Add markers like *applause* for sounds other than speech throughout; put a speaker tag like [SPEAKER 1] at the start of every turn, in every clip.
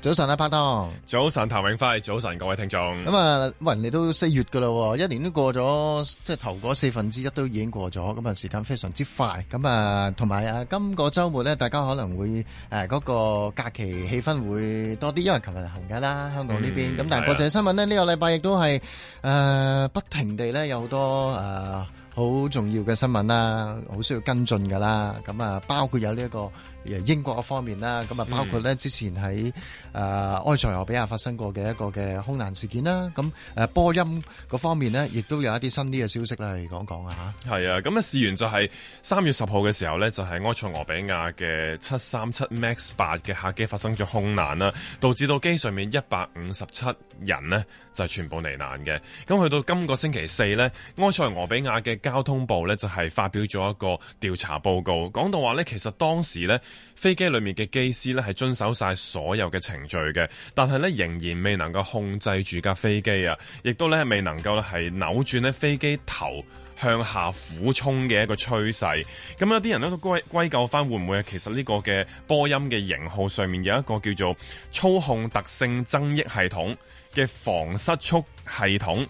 [SPEAKER 1] 早晨啊，拍檔！
[SPEAKER 2] 早晨，譚永輝，早晨，各位聽眾。咁
[SPEAKER 1] 啊，人哋都四月噶啦，一年都過咗，即係頭嗰四分之一都已經過咗，咁啊，時間非常之快。咁啊，同埋啊，今個周末咧，大家可能會誒嗰個假期氣氛會多啲，因為琴日行嘅啦，香港呢邊。咁但係國際新聞咧，呢個禮拜亦都係誒不停地咧有好多誒好重要嘅新聞啦，好需要跟進噶啦。咁啊，包括有呢一個。英國方面啦，咁啊包括咧之前喺誒埃塞俄比亞發生過嘅一個嘅空難事件啦，咁、啊、誒波音嗰方面呢，亦都有一啲新啲嘅消息咧，係講講啊嚇。
[SPEAKER 2] 係啊，咁啊試完就係三月十號嘅時候呢，就係、是、埃塞俄比亞嘅七三七 Max 八嘅客機發生咗空難啦，導致到機上面一百五十七人呢就係、是、全部罹難嘅。咁去到今個星期四呢，埃塞俄比亞嘅交通部呢就係、是、發表咗一個調查報告，講到話呢，其實當時呢。飛機裏面嘅機師咧，係遵守晒所有嘅程序嘅，但係咧仍然未能夠控制住架飛機啊，亦都咧未能夠咧，係扭轉咧飛機頭向下俯衝嘅一個趨勢。咁有啲人都歸歸咎翻，會唔會其實呢個嘅波音嘅型號上面有一個叫做操控特性增益系統嘅防失速系統。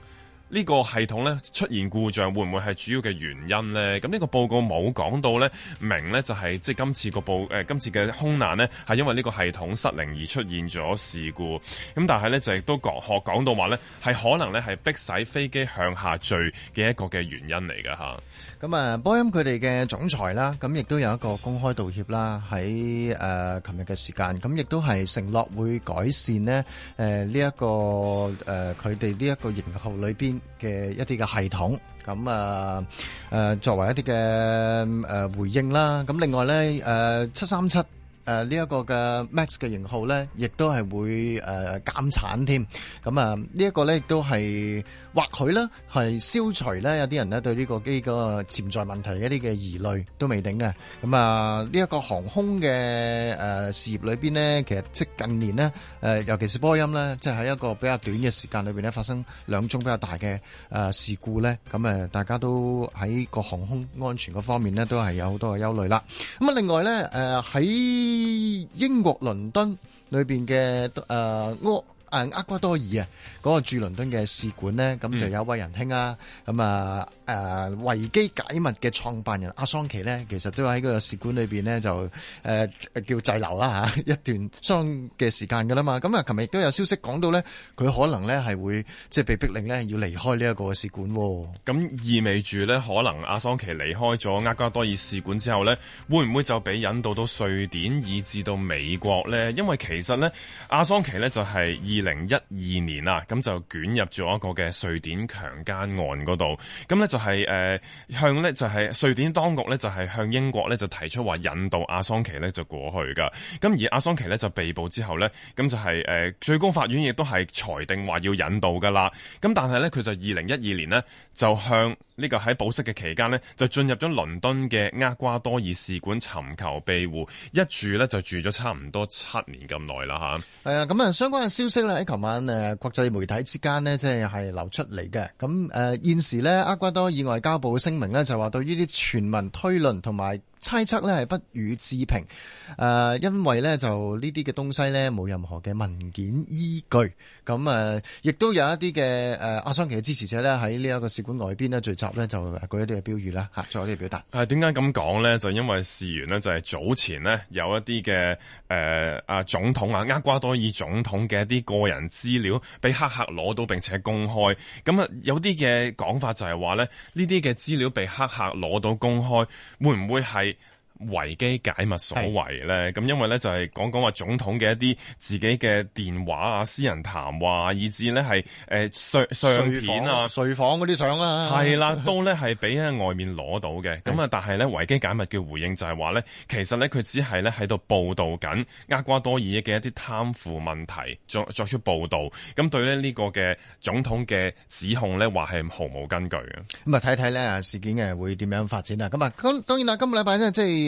[SPEAKER 2] 呢個系統咧出現故障，會唔會係主要嘅原因咧？咁呢個報告冇講到咧，明咧就係、是、即係今次個報誒、呃、今次嘅空難咧，係因為呢個系統失靈而出現咗事故。咁但係咧就亦都講學講到話咧，係可能咧係逼使飛機向下墜嘅一個嘅原因嚟嘅吓，
[SPEAKER 1] 咁、嗯、啊，波音佢哋嘅總裁啦，咁亦都有一個公開道歉啦，喺誒琴日嘅時間，咁亦都係承諾會改善咧誒呢一、呃這個誒佢哋呢一個型號裏邊。嘅一啲嘅系統，咁啊誒，作為一啲嘅誒回應啦，咁另外咧誒七三七誒呢一個嘅 Max 嘅型號咧，亦都係會誒減產添，咁啊呢一個咧亦都係。或許咧，係消除咧，有啲人咧對呢個機個潛在問題一啲嘅疑慮都未定嘅。咁啊，呢一個航空嘅誒事業裏邊呢，其實即近年呢，誒尤其是波音呢，即喺一個比較短嘅時間裏面呢，發生兩宗比較大嘅誒事故咧。咁啊，大家都喺個航空安全嗰方面呢，都係有好多嘅憂慮啦。咁啊，另外咧，誒喺英國倫敦裏面嘅誒、呃啊厄瓜多爾啊，嗰、嗰個駐倫敦嘅使館咧，咁就有位仁兄啊，咁啊。誒維基解密嘅創辦人阿桑奇呢，其實都喺個使館裏面呢，就誒、呃、叫滯留啦、啊、一段相嘅時間㗎啦嘛。咁、嗯、啊，琴日亦都有消息講到呢，佢可能呢係會即係被逼令呢要離開呢一
[SPEAKER 2] 個使館喎、啊。咁意味住呢，可能阿桑奇離開咗厄瓜多爾使館之後呢，會唔會就俾引渡到瑞典以至到美國呢？因為其實呢，阿桑奇呢就係二零一二年啊，咁就捲入咗一個嘅瑞典強姦案嗰度，咁就。係誒、就是呃，向呢就係、是、瑞典當局呢就係、是、向英國呢就提出話引渡阿桑奇呢就過去噶，咁而阿桑奇呢就被捕之後呢咁就係、是、誒、呃、最高法院亦都係裁定話要引渡噶啦，咁但係呢，佢就二零一二年呢就向。呢個喺保釋嘅期間呢，就進入咗倫敦嘅厄瓜多爾使館尋求庇護，一住呢，就住咗差唔多七年咁耐啦嚇。
[SPEAKER 1] 係啊，咁啊相關嘅消息呢，喺琴晚誒國際媒體之間呢，即係係流出嚟嘅。咁誒現時呢，厄瓜多爾外交部聲明呢，就話對呢啲全民推論同埋猜測呢係不予置評，誒、呃，因為呢就呢啲嘅東西呢，冇任何嘅文件依據，咁誒亦都有一啲嘅誒阿桑奇嘅支持者呢，喺呢一個使館外邊呢聚集，呢，就舉一啲嘅標語啦吓，做一啲嘅表達。
[SPEAKER 2] 誒、啊，點解咁講呢？就因為事源呢，就係早前呢有一啲嘅誒阿總統啊厄瓜多爾總統嘅一啲個人資料俾黑客攞到並且公開，咁啊有啲嘅講法就係話呢，呢啲嘅資料被黑客攞到公開，會唔會係？維基解密所為咧，咁是因為咧就係講講話總統嘅一啲自己嘅電話啊、私人談話，以至呢係誒相相片啊、睡
[SPEAKER 1] 房嗰啲相啦，係啦，
[SPEAKER 2] 都咧係俾喺外面攞到嘅。咁啊， *laughs* 但係咧維基解密嘅回應就係話咧，其實咧佢只係咧喺度報道緊厄瓜多爾嘅一啲貪腐問題作作出報道。咁對咧呢個嘅總統嘅指控咧，話係毫無根據
[SPEAKER 1] 嘅。咁啊睇睇咧事件嘅會點樣發展啊？咁啊，咁當然啦，今個禮拜咧即係。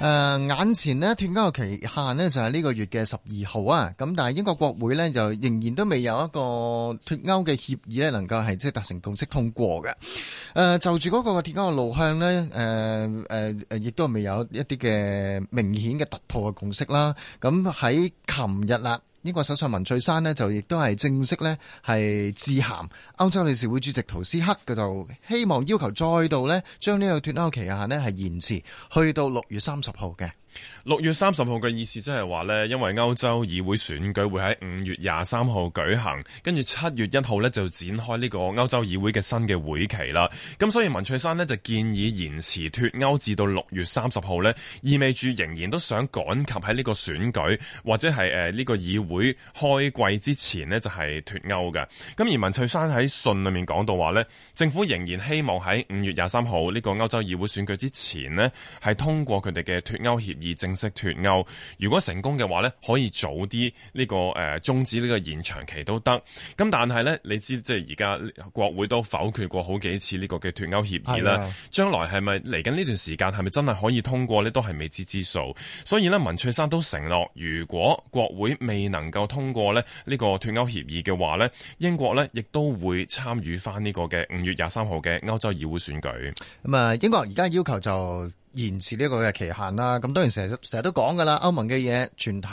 [SPEAKER 1] 誒，眼前呢，脫歐嘅期限呢就係呢個月嘅十二號啊，咁但係英國國會呢，就仍然都未有一個脫歐嘅協議呢能夠係即係達成共識通過嘅。誒，就住嗰個脫歐嘅路向呢，誒誒誒，亦都係未有一啲嘅明顯嘅突破嘅共識啦。咁喺琴日啦。英國首相文翠珊咧就亦都係正式咧係致函歐洲理事會主席圖斯克嘅，就希望要求再度咧將呢個脫歐期限咧係延遲去到六月三十號嘅。
[SPEAKER 2] 六月三十號嘅意思即係話呢，因為歐洲議會選舉會喺五月廿三號舉行，跟住七月一號呢就展開呢個歐洲議會嘅新嘅會期啦。咁所以文翠珊呢就建議延遲脫歐至到六月三十號呢，意味住仍然都想趕及喺呢個選舉或者係誒呢個議會開季之前呢就係脫歐嘅。咁而文翠珊喺信裏面講到話呢，政府仍然希望喺五月廿三號呢個歐洲議會選舉之前呢，係通過佢哋嘅脫歐協。而正式脫歐，如果成功嘅話呢，可以早啲呢、呢個誒終、呃、止呢個延長期都得。咁但係呢，你知即係而家國會都否決過好幾次呢個嘅脫歐協議啦。將是、啊、來係咪嚟緊呢段時間係咪真係可以通過呢？都係未知之數。所以呢，文翠珊都承諾，如果國會未能夠通過咧呢個脫歐協議嘅話呢，英國呢亦都會參與翻呢個嘅五月廿三號嘅歐洲議會選舉。
[SPEAKER 1] 咁啊，英國而家要求就。延遲呢個個嘅期限啦，咁當然成日成日都講噶啦，歐盟嘅嘢，全體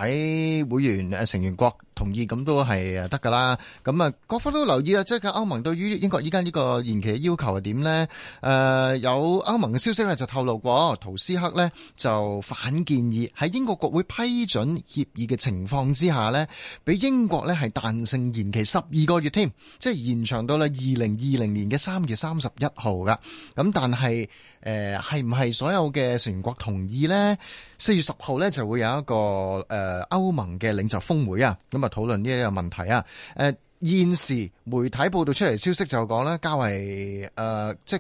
[SPEAKER 1] 會員誒成員國同意咁都係得噶啦。咁啊，各方都留意啊，即係歐盟對於英國依家呢個延期嘅要求係點呢？誒、呃，有歐盟嘅消息呢，就透露過，圖斯克呢，就反建議喺英國國會批准協議嘅情況之下呢，俾英國呢係彈性延期十二個月添，即係延長到啦二零二零年嘅三月三十一號噶。咁但係誒係唔係所有？嘅成員國同意呢，四月十號呢就會有一個誒歐盟嘅領袖峰會啊，咁啊討論呢一個問題啊。誒，現時媒體報道出嚟消息就講呢，較為誒即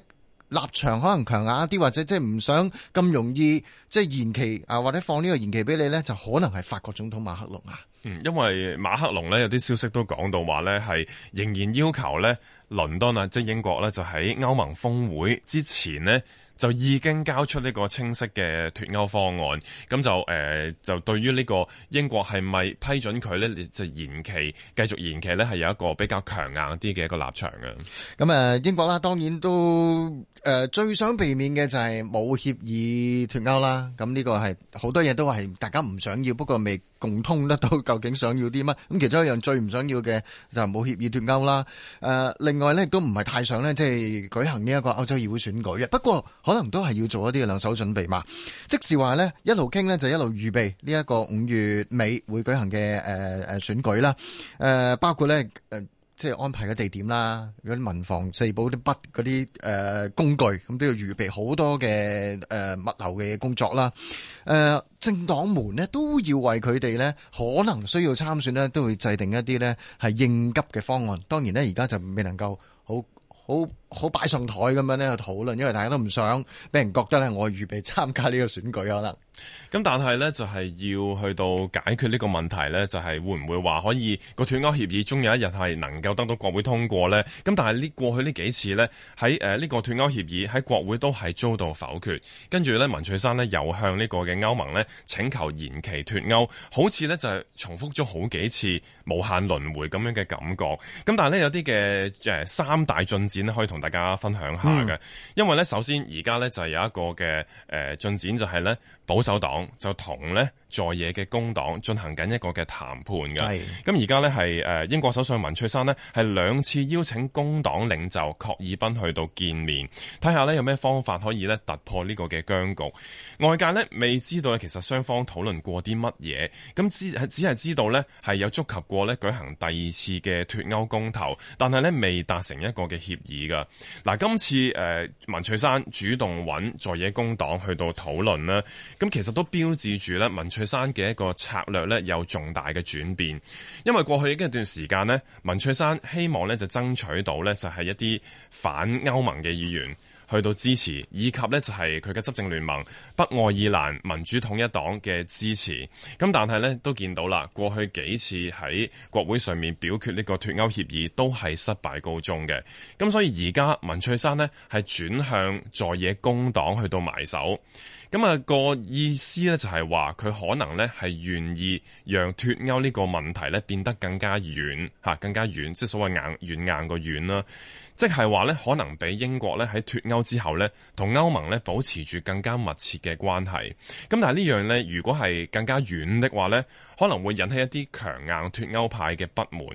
[SPEAKER 1] 立場可能強硬一啲，或者即唔想咁容易即延期啊，或者放呢個延期俾你呢，就可能係法國總統馬克龍啊。嗯，
[SPEAKER 2] 因為馬克龍呢，有啲消息都講到話呢，係仍然要求呢倫敦啊，即英國呢，就喺歐盟峰會之前呢。就已經交出呢個清晰嘅脫歐方案，咁就誒、呃、就對於呢個英國係咪批准佢咧，就延期繼續延期咧，係有一個比較強硬啲嘅一個立場嘅、啊。
[SPEAKER 1] 咁、呃、英國啦，當然都誒、呃、最想避免嘅就係冇協議脫歐啦。咁呢個係好多嘢都係大家唔想要，不過未共通得到究竟想要啲乜。咁其中一樣最唔想要嘅就係冇協議脫歐啦。誒、呃，另外咧亦都唔係太想咧，即係舉行呢一個歐洲議會選舉嘅。不過，可能都係要做一啲嘅兩手準備嘛，即是話咧一路傾咧就一路預備呢一個五月尾會舉行嘅誒誒選舉啦，誒、呃、包括咧誒、呃、即係安排嘅地點啦，嗰啲文房四寶、啲、呃、筆、嗰啲誒工具，咁都要預備好多嘅誒、呃、物流嘅工作啦，誒、呃、政黨們呢，都要為佢哋咧可能需要參選呢，都會制定一啲咧係應急嘅方案，當然咧而家就未能夠好好。好擺上台咁樣咧去討論，因為大家都唔想俾人覺得呢我預備參加呢個選舉可能。
[SPEAKER 2] 咁、嗯、但係咧就係、是、要去到解決呢個問題咧，就係、是、會唔會話可以、那個脫歐協議終有一日係能夠得到國會通過咧？咁、嗯、但係呢過去呢幾次咧，喺呢、呃這個脫歐協議喺國會都係遭到否決。跟住咧，文翠珊咧又向個呢個嘅歐盟咧請求延期脫歐，好似咧就係、是、重複咗好幾次無限輪回咁樣嘅感覺。咁、嗯、但係咧有啲嘅誒三大進展呢可以同。同大家分享下嘅，嗯、因為咧，首先而家咧就係有一個嘅，誒，進展就係咧，保守黨就同呢在野嘅工黨進行緊一個嘅談判嘅，咁而家呢係英國首相文翠珊呢係兩次邀請工黨領袖郝爾賓去到見面，睇下呢有咩方法可以呢突破呢個嘅僵局。外界呢未知道呢其實雙方討論過啲乜嘢，咁只係只係知道呢係有觸及過呢舉行第二次嘅脫歐公投，但係呢未達成一個嘅協議㗎。嗱，今次誒、呃、文翠珊主動揾在野工黨去到討論咧。咁其實都標誌住咧，文翠珊嘅一個策略咧有重大嘅轉變，因為過去呢一段時間呢，文翠珊希望咧就爭取到咧就係一啲反歐盟嘅議員去到支持，以及呢就係佢嘅執政聯盟北愛爾蘭民主統一黨嘅支持。咁但係呢都見到啦，過去幾次喺國會上面表決呢個脱歐協議都係失敗告終嘅。咁所以而家文翠珊呢係轉向在野工黨去到埋手。咁啊，個意思咧就係話，佢可能咧係願意讓脫歐呢個問題咧變得更加軟吓更加軟，即係所謂硬軟硬個軟啦。即係話咧，可能比英國咧喺脫歐之後咧，同歐盟咧保持住更加密切嘅關係。咁但係呢樣咧，如果係更加軟的話咧，可能會引起一啲強硬脫歐派嘅不滿。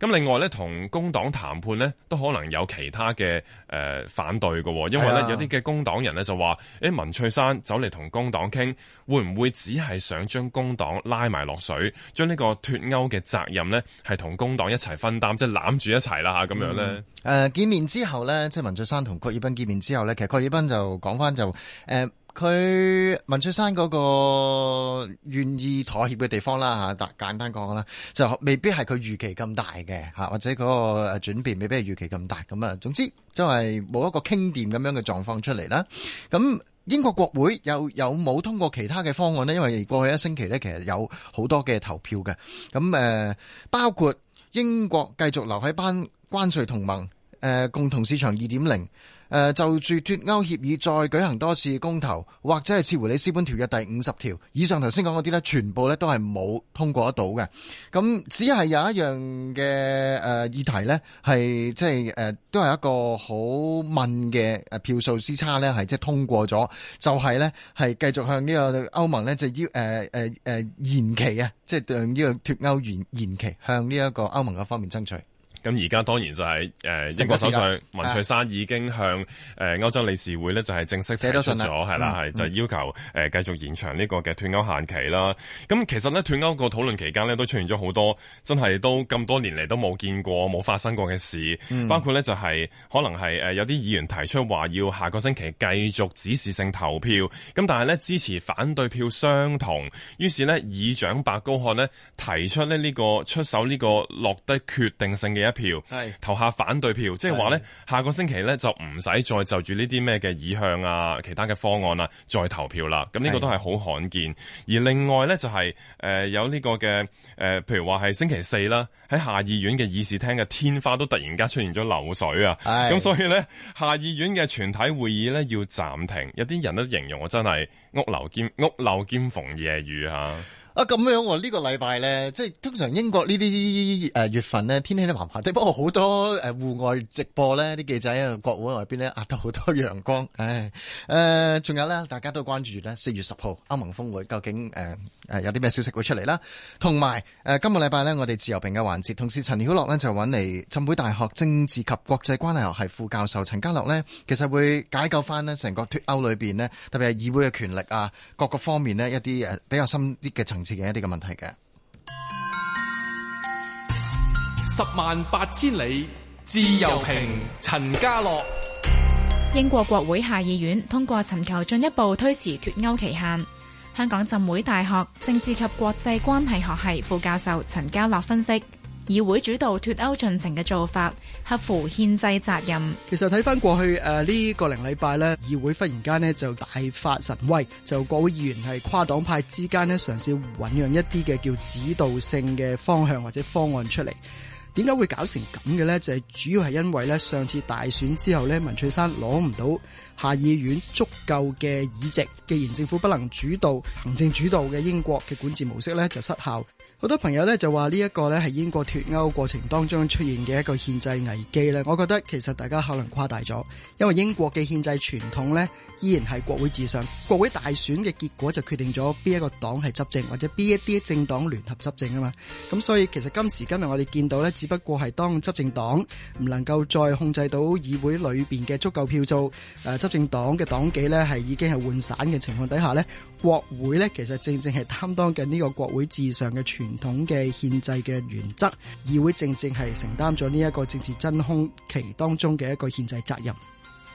[SPEAKER 2] 咁另外咧，同工黨談判咧，都可能有其他嘅誒、呃、反對嘅，因為咧有啲嘅工黨人咧就話誒、欸、文翠珊，走嚟同工黨傾，會唔會只係想將工黨拉埋落水，將呢個脫歐嘅責任呢，係同工黨一齊分擔，即係攬住一齊啦，咁樣呢，誒、嗯
[SPEAKER 1] 呃，見面之後呢，即係文翠珊同郭爾斌見面之後呢，其實郭爾斌就講翻就誒，佢、呃、文翠珊嗰個願意妥協嘅地方啦吓，簡單講啦，就未必係佢預期咁大嘅吓，或者嗰個轉變未必係預期咁大咁啊。總之，就係冇一個傾掂咁樣嘅狀況出嚟啦。咁。英國國會有有冇通過其他嘅方案呢？因為過去一星期呢，其實有好多嘅投票嘅，咁、呃、包括英國繼續留喺班關稅同盟、呃，共同市場二點零。誒、呃，就住脫歐協議再舉行多次的公投，或者係撤回里斯本條約第五十條以上，頭先講嗰啲咧，全部咧都係冇通過得到嘅。咁只係有一樣嘅誒、呃、議題咧，係即係誒都係一個好問嘅誒票數之差咧，係即係通過咗，就係咧係繼續向這個呢個歐盟咧就要誒誒誒延期啊，即係對呢個脫歐延延期向呢一個歐盟嘅方面爭取。
[SPEAKER 2] 咁而家當然就係誒英國首相文翠珊已經向誒歐洲理事會咧，就係正式提出咗係啦，係就要求誒繼續延長呢個嘅脱歐限期啦。咁其實咧，脱歐個討論期間咧，都出現咗好多真係都咁多年嚟都冇見過冇發生過嘅事，包括咧就係可能係誒有啲議員提出話要下個星期繼續指示性投票，咁但係咧支持反對票相同，於是咧議長白高漢咧提出咧呢個出手呢個落得決定性嘅票係投下反對票，即係話咧，是的 下個星期咧就唔使再就住呢啲咩嘅意向啊，其他嘅方案啊，再投票啦。咁呢個都係好罕見。是的 而另外咧就係、是、誒、呃、有呢個嘅誒、呃，譬如話係星期四啦，喺下議院嘅議事廳嘅天花都突然間出現咗漏水啊。咁是的 所以咧，下議院嘅全體會議咧要暫停。有啲人都形容我真係屋漏兼屋漏兼逢夜雨吓。
[SPEAKER 1] 啊咁樣我、哦、呢、這個禮拜咧，即係通常，英國呢啲誒月份咧天氣都麻麻地，不過好多誒戶外直播咧啲記者啊，國會外邊咧壓得好多陽光，誒誒，仲、呃、有咧，大家都關注住咧四月十號歐盟峰會究竟誒誒、呃呃、有啲咩消息會出嚟啦，同埋誒今個禮拜咧我哋自由評嘅環節，同時陳曉樂咧就揾嚟浸會大學政治及國際關係學系副教授陳家樂咧，其實會解救翻咧成個脫歐裏邊咧，特別係議會嘅權力啊，各個方面咧一啲誒比較深啲嘅層一啲嘅問題嘅，
[SPEAKER 2] 十萬八千里自由評。陳家洛，
[SPEAKER 3] 英國國會下議院通過尋求進一步推遲脫歐期限。香港浸會大學政治及國際關係學系副教授陳家洛分析。議會主導脱歐進程嘅做法合乎憲制責任。
[SPEAKER 4] 其實睇返過去誒呢、啊這個零禮拜呢，議會忽然間呢就大發神威，就國會議員係跨黨派之間呢，嘗試醞釀一啲嘅叫指導性嘅方向或者方案出嚟。點解會搞成咁嘅呢？就係、是、主要係因為咧上次大選之後呢，文翠珊攞唔到。下議院足夠嘅議席，既然政府不能主導，行政主導嘅英國嘅管治模式咧就失效。好多朋友咧就話呢一個咧係英國脫歐過程當中出現嘅一個憲制危機咧，我覺得其實大家可能誇大咗，因為英國嘅憲制傳統咧依然係國會至上，國會大選嘅結果就決定咗邊一個黨係執政或者邊一啲政黨聯合執政啊嘛。咁所以其實今時今日我哋見到咧，只不過係當執政黨唔能夠再控制到議會裏面嘅足夠票數，誒執政黨嘅黨紀咧係已經係渙散嘅情況底下呢國會呢，其實正正係擔當緊呢個國會至上嘅傳統嘅憲制嘅原則，議會正正係承擔咗呢一個政治真空期當中嘅一個憲制責任。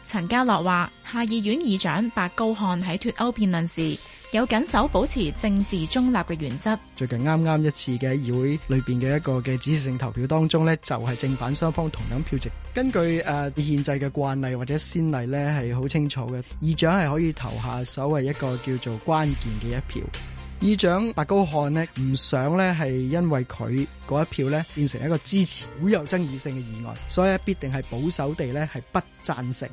[SPEAKER 3] 陳家洛話，下議院議長白高漢喺脱歐辯論時，有緊守保持政治中立嘅原則。
[SPEAKER 4] 最近啱啱一次嘅議會裏邊嘅一個嘅指示性投票當中呢就係、是、正反雙方同樣票值。根據誒、呃、憲制嘅慣例或者先例呢係好清楚嘅。議長係可以投下所謂一個叫做關鍵嘅一票。議長白高漢呢唔想呢係因為佢嗰一票呢變成一個支持好有爭議性嘅議案，所以必定係保守地呢係不贊成。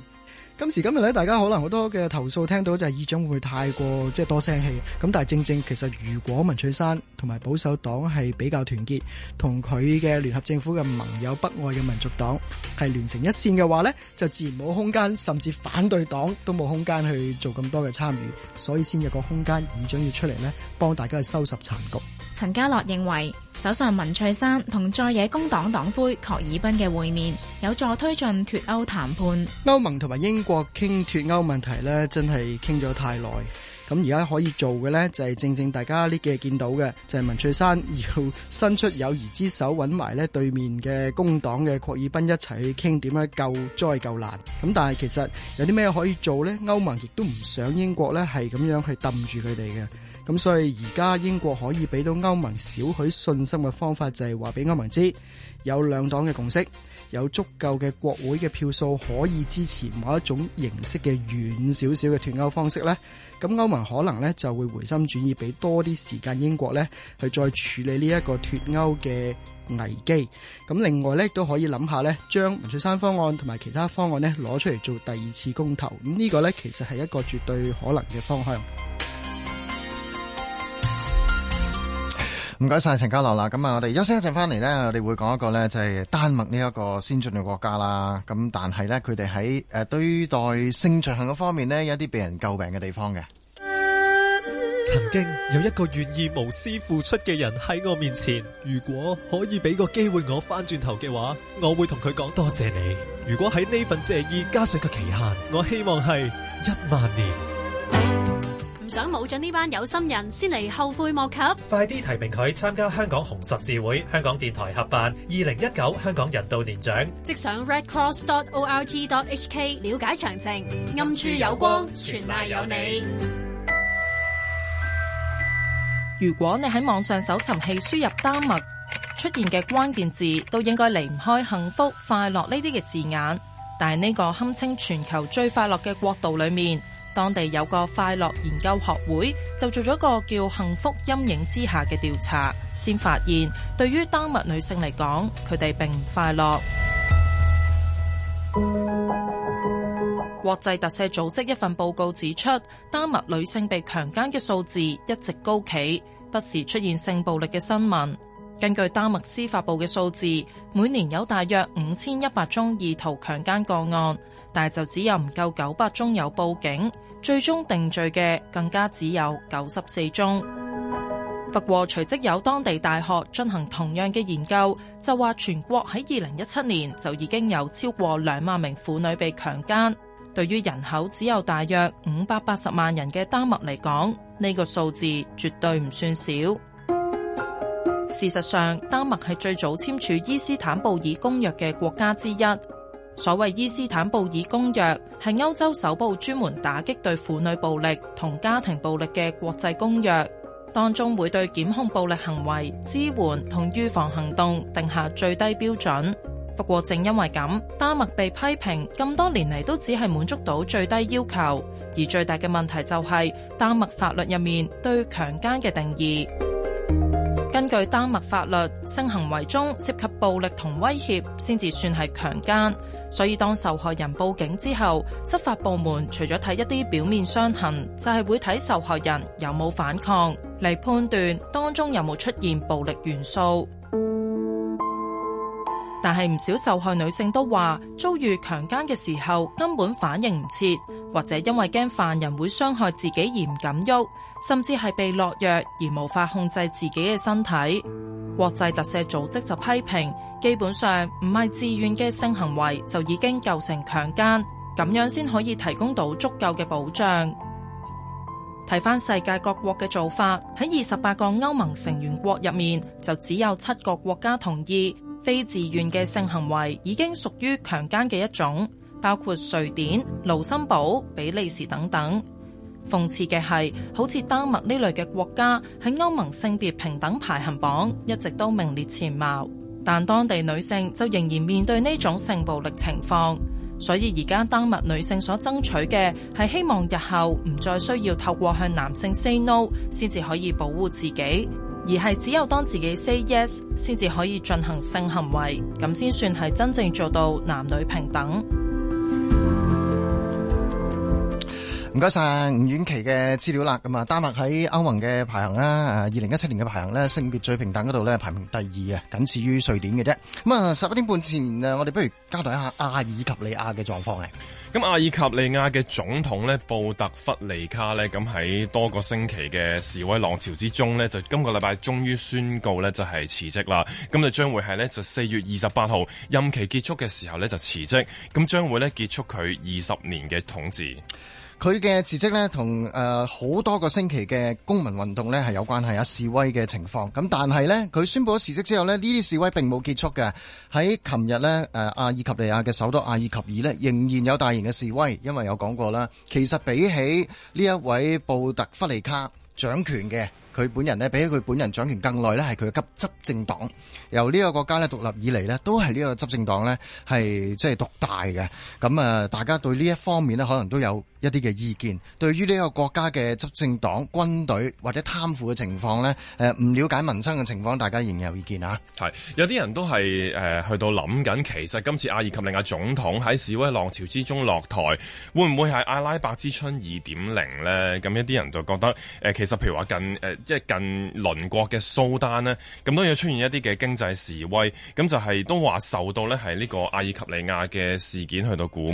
[SPEAKER 4] 今時今日咧，大家可能好多嘅投訴聽到就係議長會太過即係多聲氣。咁但係正正其實，如果文翠珊同埋保守黨係比較團結，同佢嘅聯合政府嘅盟友北愛嘅民族黨係聯成一線嘅話呢就自然冇空間，甚至反對黨都冇空間去做咁多嘅參與，所以先有個空間議長要出嚟呢幫大家去收拾殘局。
[SPEAKER 3] 陳家洛認為，首相文翠珊同在野工黨黨魁霍爾賓嘅會面，有助推進脫歐談判。
[SPEAKER 4] 歐盟同埋英國傾脫歐問題咧，真係傾咗太耐。咁而家可以做嘅咧，就係正正大家呢幾日見到嘅，就係、是、文翠珊要伸出友誼之手，揾埋咧對面嘅工黨嘅霍爾賓一齊去傾點樣救災救難。咁但係其實有啲咩可以做呢？歐盟亦都唔想英國咧係咁樣去抌住佢哋嘅。咁所以而家英國可以俾到歐盟少許信心嘅方法就係話俾歐盟知有兩黨嘅共識，有足夠嘅國會嘅票數可以支持某一種形式嘅軟少少嘅脫歐方式咧。咁歐盟可能咧就會回心轉意，俾多啲時間英國咧去再處理呢一個脫歐嘅危機。咁另外咧都可以諗下咧，將文翠珊方案同埋其他方案咧攞出嚟做第二次公投。咁呢個咧其實係一個絕對可能嘅方向。
[SPEAKER 1] 唔該晒陳家洛啦，咁啊，我哋休息一陣翻嚟咧，我哋會講一個咧，就係丹麥呢一個先進嘅國家啦。咁但係咧，佢哋喺誒對待性罪行嘅方面咧，有一啲俾人詬病嘅地方嘅。曾經有一個願意無私付出嘅人喺我面前，如果可以俾個機會我翻轉頭嘅話，我會同佢講多謝你。如果喺呢份謝意加上個期限，我希望係一萬年。
[SPEAKER 3] 唔想冇咗呢班有心人，先嚟後悔莫及。快啲
[SPEAKER 1] 提名佢參加香港紅十字會、香港電台合辦二零一九香港人道年獎，
[SPEAKER 3] 即上 redcross.org.hk 了解詳情。暗處有光，全賴有你。如果你喺網上搜尋器輸入丹麥，出現嘅關鍵字都應該離唔開幸福、快樂呢啲嘅字眼。但係呢個堪稱全球最快樂嘅國度裏面。當地有個快樂研究學會就做咗個叫《幸福陰影之下》嘅調查，先發現對於丹麥女性嚟講，佢哋並唔快樂。國際特赦組織一份報告指出，丹麥女性被強姦嘅數字一直高企，不時出現性暴力嘅新聞。根據丹麥司法部嘅數字，每年有大約五千一百宗意圖強姦個案，但就只有唔夠九百宗有報警。最終定罪嘅更加只有九十四宗。不過隨即有當地大學進行同樣嘅研究，就話全國喺二零一七年就已經有超過兩萬名婦女被強姦。對於人口只有大約五百八十萬人嘅丹麥嚟講，呢個數字絕對唔算少。事實上，丹麥係最早簽署伊斯坦布爾公約嘅國家之一。所謂伊斯坦布爾公約係歐洲首部專門打擊對婦女暴力同家庭暴力嘅國際公約，當中會對檢控暴力行為、支援同預防行動定下最低標準。不過正因為咁，丹麥被批評咁多年嚟都只係滿足到最低要求，而最大嘅問題就係丹麥法律入面對強姦嘅定義。根據丹麥法律，性行為中涉及暴力同威脅先至算係強姦。所以當受害人報警之後，執法部門除咗睇一啲表面傷痕，就係會睇受害人有冇反抗嚟，判斷當中有冇出現暴力元素。但係唔少受害女性都話，遭遇強姦嘅時候根本反應唔切，或者因為驚犯人會傷害自己而唔敢喐，甚至係被落藥而無法控制自己嘅身體。國際特赦組織就批評，基本上唔係自願嘅性行為就已經構成強姦，咁樣先可以提供到足夠嘅保障。睇返世界各國嘅做法，喺二十八個歐盟成員國入面，就只有七個國家同意非自願嘅性行為已經屬於強姦嘅一種，包括瑞典、盧森堡、比利時等等。諷刺嘅係，好似丹麥呢類嘅國家喺歐盟性別平等排行榜一直都名列前茅，但當地女性就仍然面對呢種性暴力情況。所以而家丹麥女性所爭取嘅係希望日後唔再需要透過向男性 say no 先至可以保護自己，而係只有當自己 say yes 先至可以進行性行為，咁先算係真正做到男女平等。
[SPEAKER 1] 唔該晒吳沅琪嘅資料啦。咁啊，丹麥喺歐盟嘅排行啦，二零一七年嘅排行咧，性別最平等嗰度咧，排名第二嘅，僅次於瑞典嘅啫。咁啊，十一點半前啊，我哋不如交代一下阿爾及利亞嘅狀況。
[SPEAKER 2] 咁阿爾及利亞嘅總統咧，布特弗利卡咧，咁喺多個星期嘅示威浪潮之中呢，就今個禮拜終於宣告呢，就係辭職啦。咁就將會係呢，就四月二十八號任期結束嘅時候呢，就辭職，咁將會呢，結束佢二十年嘅統治。
[SPEAKER 1] 佢嘅辭職咧，同誒好多個星期嘅公民運動咧係有關係啊，示威嘅情況，咁但係咧佢宣佈咗辭職之後咧，呢啲示威並冇結束嘅。喺琴日咧，誒阿爾及利亞嘅首都阿爾及爾咧，仍然有大型嘅示威，因為有講過啦。其實比起呢一位布特弗利卡掌權嘅。佢本人呢，比起佢本人掌權更耐呢，係佢嘅急執政黨。由呢個國家呢，獨立以嚟呢，都係呢個執政黨呢，係即係獨大嘅。咁啊，大家對呢一方面呢，可能都有一啲嘅意見。對於呢個國家嘅執政黨軍隊或者貪腐嘅情況呢，誒、呃，唔了解民生嘅情況，大家仍有意見啊。
[SPEAKER 2] 係有啲人都係誒、呃、去到諗緊，其實今次阿爾及利亞總統喺示威浪潮之中落台，會唔會係阿拉伯之春二點零呢？咁一啲人就覺得誒、呃，其實譬如話近誒。呃即係近鄰國嘅蘇丹呢，咁都要出現一啲嘅經濟示威，咁就係都話受到呢係呢個阿爾及利亞嘅事件去到鼓舞。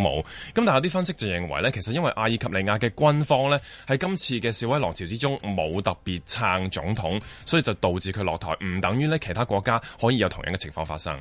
[SPEAKER 2] 咁但係有啲分析就認為呢，其實因為阿爾及利亞嘅軍方呢，喺今次嘅示威浪潮之中冇特別撐總統，所以就導致佢落台，唔等於呢，其他國家可以有同樣嘅情況發生。